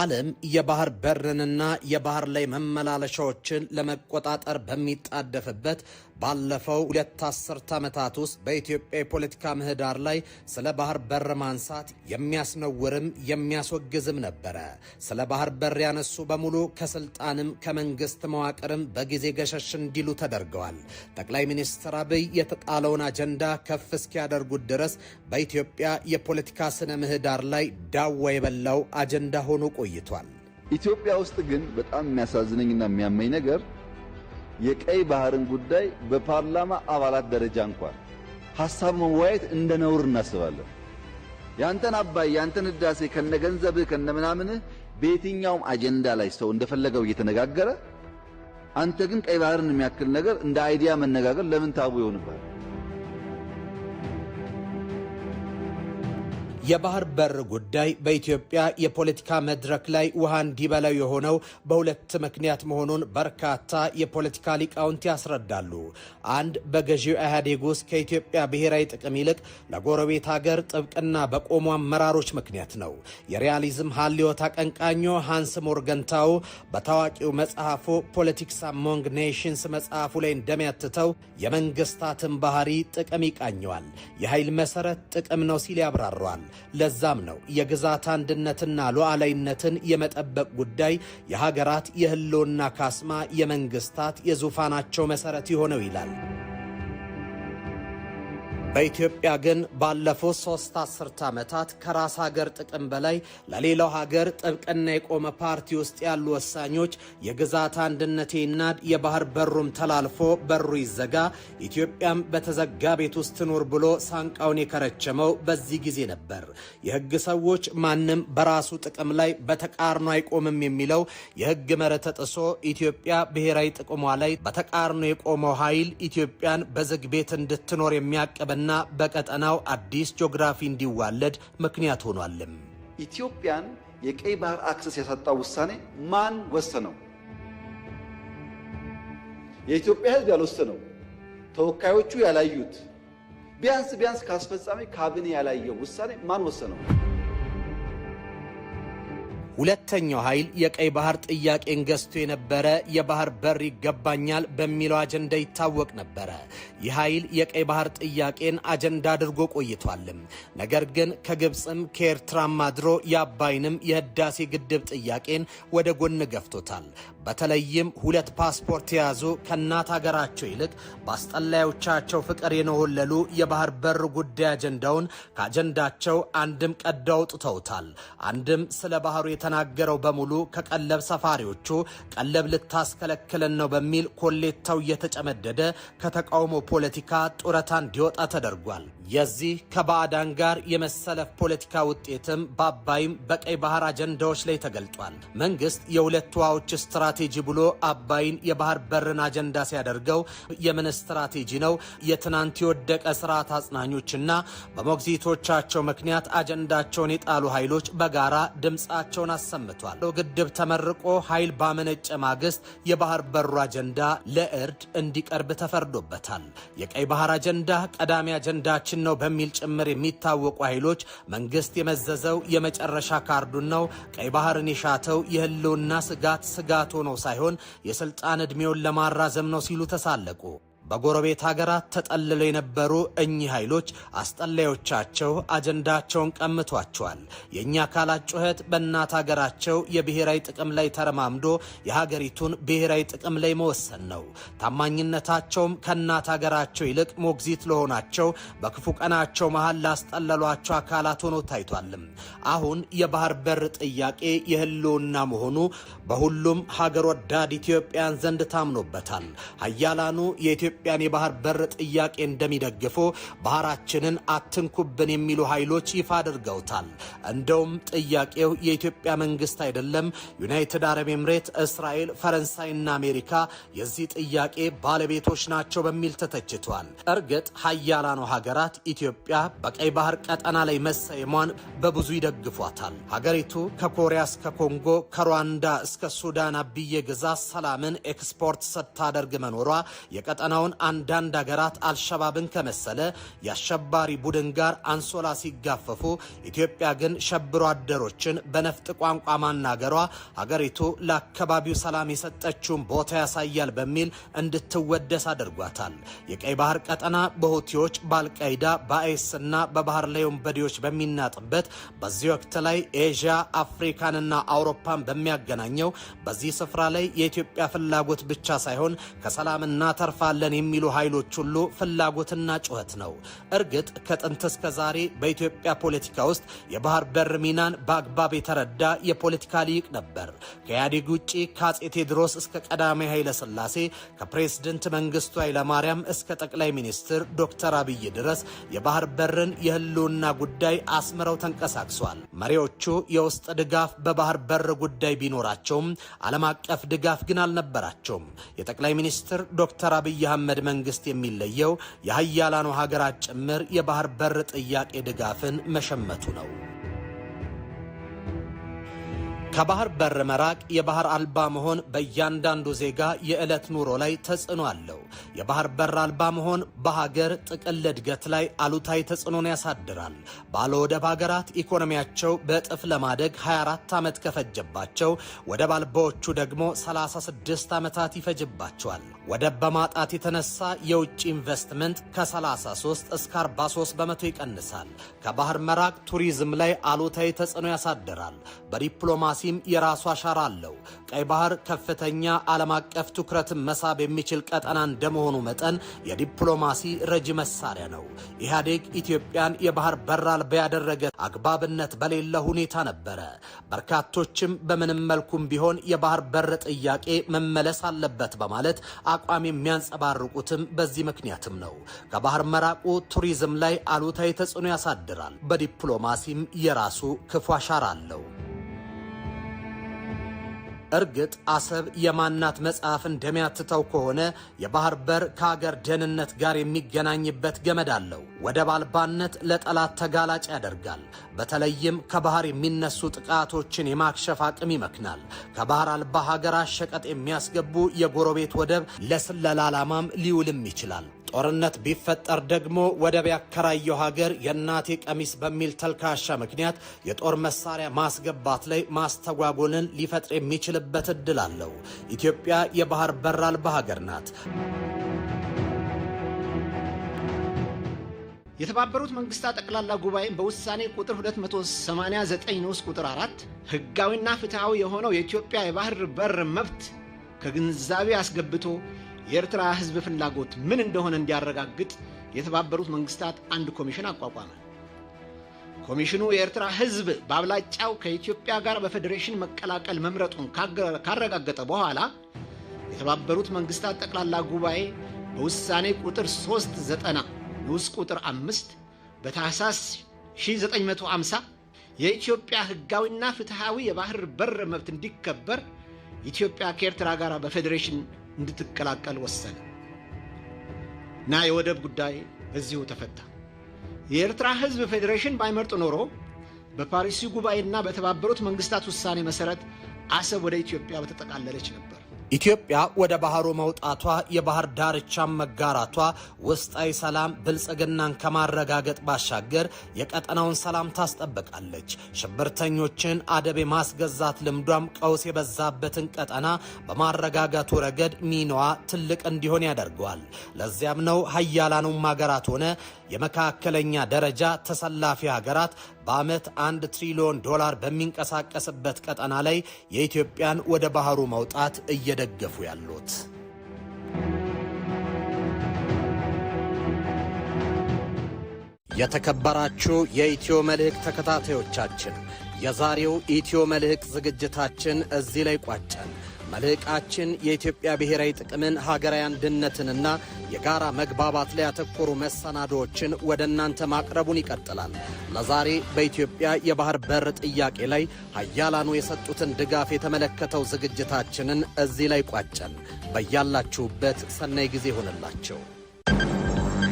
ዓለም የባህር በርንና የባህር ላይ መመላለሻዎችን ለመቆጣጠር በሚጣደፍበት ባለፈው ሁለት አስርት ዓመታት ውስጥ በኢትዮጵያ የፖለቲካ ምህዳር ላይ ስለ ባህር በር ማንሳት የሚያስነውርም የሚያስወግዝም ነበረ። ስለ ባህር በር ያነሱ በሙሉ ከስልጣንም ከመንግስት መዋቅርም በጊዜ ገሸሽ እንዲሉ ተደርገዋል። ጠቅላይ ሚኒስትር አብይ የተጣለውን አጀንዳ ከፍ እስኪያደርጉት ድረስ በኢትዮጵያ የፖለቲካ ስነ ምህዳር ላይ ዳዋ የበላው አጀንዳ ሆኖ ቆይቷል። ኢትዮጵያ ውስጥ ግን በጣም የሚያሳዝነኝና የሚያመኝ ነገር የቀይ ባህርን ጉዳይ በፓርላማ አባላት ደረጃ እንኳን ሀሳብ መወያየት እንደ ነውር እናስባለን። ያንተን አባይ ያንተን ህዳሴ ከነ ምናምንህ በየትኛውም አጀንዳ ላይ ሰው እንደፈለገው እየተነጋገረ አንተ ግን ቀይ ባህርን የሚያክል ነገር እንደ አይዲያ መነጋገር ለምን ታቡ ይሆንባል? የባህር በር ጉዳይ በኢትዮጵያ የፖለቲካ መድረክ ላይ ውሃ እንዲበላው የሆነው በሁለት ምክንያት መሆኑን በርካታ የፖለቲካ ሊቃውንት ያስረዳሉ። አንድ በገዢው ኢህአዴግ ውስጥ ከኢትዮጵያ ብሔራዊ ጥቅም ይልቅ ለጎረቤት ሀገር ጥብቅና በቆሙ አመራሮች ምክንያት ነው። የሪያሊዝም ሀልዮት አቀንቃኞ ሃንስ ሞርገንታው በታዋቂው መጽሐፉ ፖለቲክስ አሞንግ ኔሽንስ መጽሐፉ ላይ እንደሚያትተው የመንግስታትን ባህሪ ጥቅም ይቃኘዋል፣ የኃይል መሰረት ጥቅም ነው ሲል ያብራሯል። ለዛም ነው የግዛት አንድነትና ሉዓላዊነትን የመጠበቅ ጉዳይ የሀገራት የህልውና ካስማ የመንግስታት የዙፋናቸው መሰረት የሆነው ይላል። በኢትዮጵያ ግን ባለፉት ሶስት አስርት ዓመታት ከራስ ሀገር ጥቅም በላይ ለሌላው ሀገር ጥብቅና የቆመ ፓርቲ ውስጥ ያሉ ወሳኞች የግዛት አንድነቴና የባህር በሩም ተላልፎ በሩ ይዘጋ፣ ኢትዮጵያም በተዘጋ ቤት ውስጥ ትኖር ብሎ ሳንቃውን የከረቸመው በዚህ ጊዜ ነበር። የህግ ሰዎች ማንም በራሱ ጥቅም ላይ በተቃርኖ አይቆምም የሚለው የህግ መርህ ተጥሶ ኢትዮጵያ ብሔራዊ ጥቅሟ ላይ በተቃርኖ የቆመው ኃይል ኢትዮጵያን በዝግ ቤት እንድትኖር የሚያቅብና እና በቀጠናው አዲስ ጂኦግራፊ እንዲዋለድ ምክንያት ሆኗልም። ኢትዮጵያን የቀይ ባህር አክሰስ ያሳጣው ውሳኔ ማን ወሰነው? የኢትዮጵያ ሕዝብ ያልወሰነው ተወካዮቹ ያላዩት ቢያንስ ቢያንስ ካስፈጻሚ ካቢኔ ያላየው ውሳኔ ማን ወሰነው? ሁለተኛው ኃይል የቀይ ባህር ጥያቄን ገዝቶ የነበረ የባህር በር ይገባኛል በሚለው አጀንዳ ይታወቅ ነበረ። ይህ ኃይል የቀይ ባህር ጥያቄን አጀንዳ አድርጎ ቆይቷልም። ነገር ግን ከግብፅም ከኤርትራም አድሮ የአባይንም የህዳሴ ግድብ ጥያቄን ወደ ጎን ገፍቶታል። በተለይም ሁለት ፓስፖርት የያዙ ከእናት ሀገራቸው ይልቅ በአስጠላዮቻቸው ፍቅር የነወለሉ የባህር በር ጉዳይ አጀንዳውን ከአጀንዳቸው አንድም ቀዳ አውጥተውታል፣ አንድም ስለ ባህሩ የተናገረው በሙሉ ከቀለብ ሰፋሪዎቹ ቀለብ ልታስከለክለን ነው በሚል ኮሌታው እየተጨመደደ ከተቃውሞ ፖለቲካ ጡረታ እንዲወጣ ተደርጓል። የዚህ ከባዕዳን ጋር የመሰለፍ ፖለቲካ ውጤትም በአባይም በቀይ ባህር አጀንዳዎች ላይ ተገልጧል። መንግስት የሁለት ውሃዎች ስትራቴጂ ብሎ አባይን የባህር በርን አጀንዳ ሲያደርገው የምን ስትራቴጂ ነው? የትናንት የወደቀ ስርዓት አጽናኞችና በሞግዚቶቻቸው ምክንያት አጀንዳቸውን የጣሉ ኃይሎች በጋራ ድምፃቸውን አሰምቷል። ግድብ ተመርቆ ኃይል ባመነጨ ማግስት የባህር በሩ አጀንዳ ለእርድ እንዲቀርብ ተፈርዶበታል። የቀይ ባህር አጀንዳ ቀዳሚ አጀንዳችን ነው በሚል ጭምር የሚታወቁ ኃይሎች መንግስት የመዘዘው የመጨረሻ ካርዱን ነው። ቀይ ባህርን የሻተው የህልውና ስጋት ስጋት ሆኖ ሳይሆን የስልጣን ዕድሜውን ለማራዘም ነው ሲሉ ተሳለቁ። በጎረቤት ሀገራት ተጠልለው የነበሩ እኚህ ኃይሎች አስጠላዮቻቸው አጀንዳቸውን ቀምቷቸዋል። የእኛ አካላት ጩኸት በእናት ሀገራቸው የብሔራዊ ጥቅም ላይ ተረማምዶ የሀገሪቱን ብሔራዊ ጥቅም ላይ መወሰን ነው። ታማኝነታቸውም ከእናት ሀገራቸው ይልቅ ሞግዚት ለሆናቸው በክፉ ቀናቸው መሃል ላስጠለሏቸው አካላት ሆኖ ታይቷልም። አሁን የባህር በር ጥያቄ የህልውና መሆኑ በሁሉም ሀገር ወዳድ ኢትዮጵያን ዘንድ ታምኖበታል። ሀያላኑ የኢትዮ የኢትዮጵያን የባህር በር ጥያቄ እንደሚደግፉ ባህራችንን አትንኩብን የሚሉ ኃይሎች ይፋ አድርገውታል። እንደውም ጥያቄው የኢትዮጵያ መንግስት አይደለም፣ ዩናይትድ አረብ ኤምሬት፣ እስራኤል፣ ፈረንሳይና አሜሪካ የዚህ ጥያቄ ባለቤቶች ናቸው በሚል ተተችቷል። እርግጥ ሀያላኑ ሀገራት ኢትዮጵያ በቀይ ባህር ቀጠና ላይ መሰየሟን በብዙ ይደግፏታል። ሀገሪቱ ከኮሪያ እስከ ኮንጎ ከሩዋንዳ እስከ ሱዳን አብዬ ግዛት ሰላምን ኤክስፖርት ስታደርግ መኖሯ የቀጠናው አሁን አንዳንድ ሀገራት አልሸባብን ከመሰለ የአሸባሪ ቡድን ጋር አንሶላ ሲጋፈፉ፣ ኢትዮጵያ ግን ሸብሮ አደሮችን በነፍጥ ቋንቋ ማናገሯ ሀገሪቱ ለአካባቢው ሰላም የሰጠችውን ቦታ ያሳያል በሚል እንድትወደስ አድርጓታል። የቀይ ባህር ቀጠና በሁቲዎች በአልቃይዳ በአይስና በባህር ላይ ወንበዴዎች በሚናጥበት በዚህ ወቅት ላይ ኤዥያ አፍሪካንና አውሮፓን በሚያገናኘው በዚህ ስፍራ ላይ የኢትዮጵያ ፍላጎት ብቻ ሳይሆን ከሰላም እናተርፋለን ወገን የሚሉ ኃይሎች ሁሉ ፍላጎትና ጩኸት ነው። እርግጥ ከጥንት እስከ ዛሬ በኢትዮጵያ ፖለቲካ ውስጥ የባህር በር ሚናን በአግባብ የተረዳ የፖለቲካ ሊቅ ነበር። ከኢህአዴግ ውጭ ከአጼ ቴዎድሮስ እስከ ቀዳማዊ ኃይለ ሥላሴ ከፕሬዝደንት መንግስቱ ኃይለማርያም እስከ ጠቅላይ ሚኒስትር ዶክተር አብይ ድረስ የባህር በርን የህልውና ጉዳይ አስምረው ተንቀሳቅሷል። መሪዎቹ የውስጥ ድጋፍ በባህር በር ጉዳይ ቢኖራቸውም ዓለም አቀፍ ድጋፍ ግን አልነበራቸውም። የጠቅላይ ሚኒስትር ዶክተር አብይ አህመድ መሐመድ መንግስት የሚለየው የሀያላኑ ሀገራት ጭምር የባህር በር ጥያቄ ድጋፍን መሸመቱ ነው። ከባህር በር መራቅ፣ የባህር አልባ መሆን በእያንዳንዱ ዜጋ የዕለት ኑሮ ላይ ተጽዕኖ አለው። የባህር በር አልባ መሆን በሀገር ጥቅል እድገት ላይ አሉታዊ ተጽዕኖን ያሳድራል። ባለወደብ ሀገራት ኢኮኖሚያቸው በእጥፍ ለማደግ 24 ዓመት ከፈጀባቸው ወደብ አልባዎቹ ደግሞ 36 ዓመታት ይፈጅባቸዋል። ወደብ በማጣት የተነሳ የውጭ ኢንቨስትመንት ከ33 እስከ 43 በመቶ ይቀንሳል። ከባህር መራቅ ቱሪዝም ላይ አሉታዊ ተጽዕኖ ያሳድራል። በዲፕሎማሲም የራሱ አሻራ አለው። ቀይ ባህር ከፍተኛ ዓለም አቀፍ ትኩረትን መሳብ የሚችል ቀጠና እንደ እንደመሆኑ መጠን የዲፕሎማሲ ረጅ መሳሪያ ነው። ኢህአዴግ ኢትዮጵያን የባህር በር አልባ ያደረገ አግባብነት በሌለ ሁኔታ ነበረ። በርካቶችም በምንም መልኩም ቢሆን የባህር በር ጥያቄ መመለስ አለበት በማለት አቋም የሚያንጸባርቁትም በዚህ ምክንያትም ነው። ከባህር መራቁ ቱሪዝም ላይ አሉታዊ ተጽዕኖ ያሳድራል፣ በዲፕሎማሲም የራሱ ክፉ አሻራ አለው። እርግጥ አሰብ የማናት መጽሐፍ እንደሚያትተው ከሆነ የባህር በር ከሀገር ደህንነት ጋር የሚገናኝበት ገመድ አለው። ወደብ አልባነት ለጠላት ተጋላጭ ያደርጋል። በተለይም ከባህር የሚነሱ ጥቃቶችን የማክሸፍ አቅም ይመክናል። ከባህር አልባ ሀገራት ሸቀጥ የሚያስገቡ የጎረቤት ወደብ ለስለላ ዓላማም ሊውልም ይችላል። ጦርነት ቢፈጠር ደግሞ ወደብ ያከራየው ሀገር የእናቴ ቀሚስ በሚል ተልካሻ ምክንያት የጦር መሳሪያ ማስገባት ላይ ማስተጓጎልን ሊፈጥር የሚችልበት እድል አለው። ኢትዮጵያ የባህር በር አልባ ሀገር ናት። የተባበሩት መንግስታት ጠቅላላ ጉባኤም በውሳኔ ቁጥር 289 ንዑስ ቁጥር 4 ህጋዊና ፍትሐዊ የሆነው የኢትዮጵያ የባህር በር መብት ከግንዛቤ አስገብቶ የኤርትራ ሕዝብ ፍላጎት ምን እንደሆነ እንዲያረጋግጥ የተባበሩት መንግስታት አንድ ኮሚሽን አቋቋመ። ኮሚሽኑ የኤርትራ ሕዝብ በአብላጫው ከኢትዮጵያ ጋር በፌዴሬሽን መቀላቀል መምረጡን ካረጋገጠ በኋላ የተባበሩት መንግስታት ጠቅላላ ጉባኤ በውሳኔ ቁጥር 390 ንዑስ ቁጥር 5 በታህሳስ 1950 የኢትዮጵያ ሕጋዊና ፍትሐዊ የባህር በር መብት እንዲከበር ኢትዮጵያ ከኤርትራ ጋር በፌዴሬሽን እንድትቀላቀል ወሰነ እና የወደብ ጉዳይ እዚሁ ተፈታ። የኤርትራ ሕዝብ ፌዴሬሽን ባይመርጥ ኖሮ በፓሪሲ ጉባኤና በተባበሩት መንግስታት ውሳኔ መሰረት አሰብ ወደ ኢትዮጵያ በተጠቃለለች ነበር። ኢትዮጵያ ወደ ባህሩ መውጣቷ የባህር ዳርቻን መጋራቷ ውስጣዊ ሰላም ብልጽግናን ከማረጋገጥ ባሻገር የቀጠናውን ሰላም ታስጠብቃለች። ሽብርተኞችን አደብ የማስገዛት ልምዷም ቀውስ የበዛበትን ቀጠና በማረጋጋቱ ረገድ ሚናዋ ትልቅ እንዲሆን ያደርገዋል። ለዚያም ነው ሀያላኑም ሀገራት ሆነ የመካከለኛ ደረጃ ተሰላፊ ሀገራት በዓመት አንድ ትሪሊዮን ዶላር በሚንቀሳቀስበት ቀጠና ላይ የኢትዮጵያን ወደ ባህሩ መውጣት እየደገፉ ያሉት የተከበራችሁ የኢትዮ መልሕቅ ተከታታዮቻችን የዛሬው ኢትዮ መልሕቅ ዝግጅታችን እዚህ ላይ ቋጨን። መልሕቃችን የኢትዮጵያ ብሔራዊ ጥቅምን፣ ሀገራዊ አንድነትንና የጋራ መግባባት ላይ ያተኮሩ መሰናዶዎችን ወደ እናንተ ማቅረቡን ይቀጥላል። ለዛሬ በኢትዮጵያ የባህር በር ጥያቄ ላይ ሀያላኑ የሰጡትን ድጋፍ የተመለከተው ዝግጅታችንን እዚህ ላይ ቋጨን። በያላችሁበት ሰናይ ጊዜ ይሆንላቸው።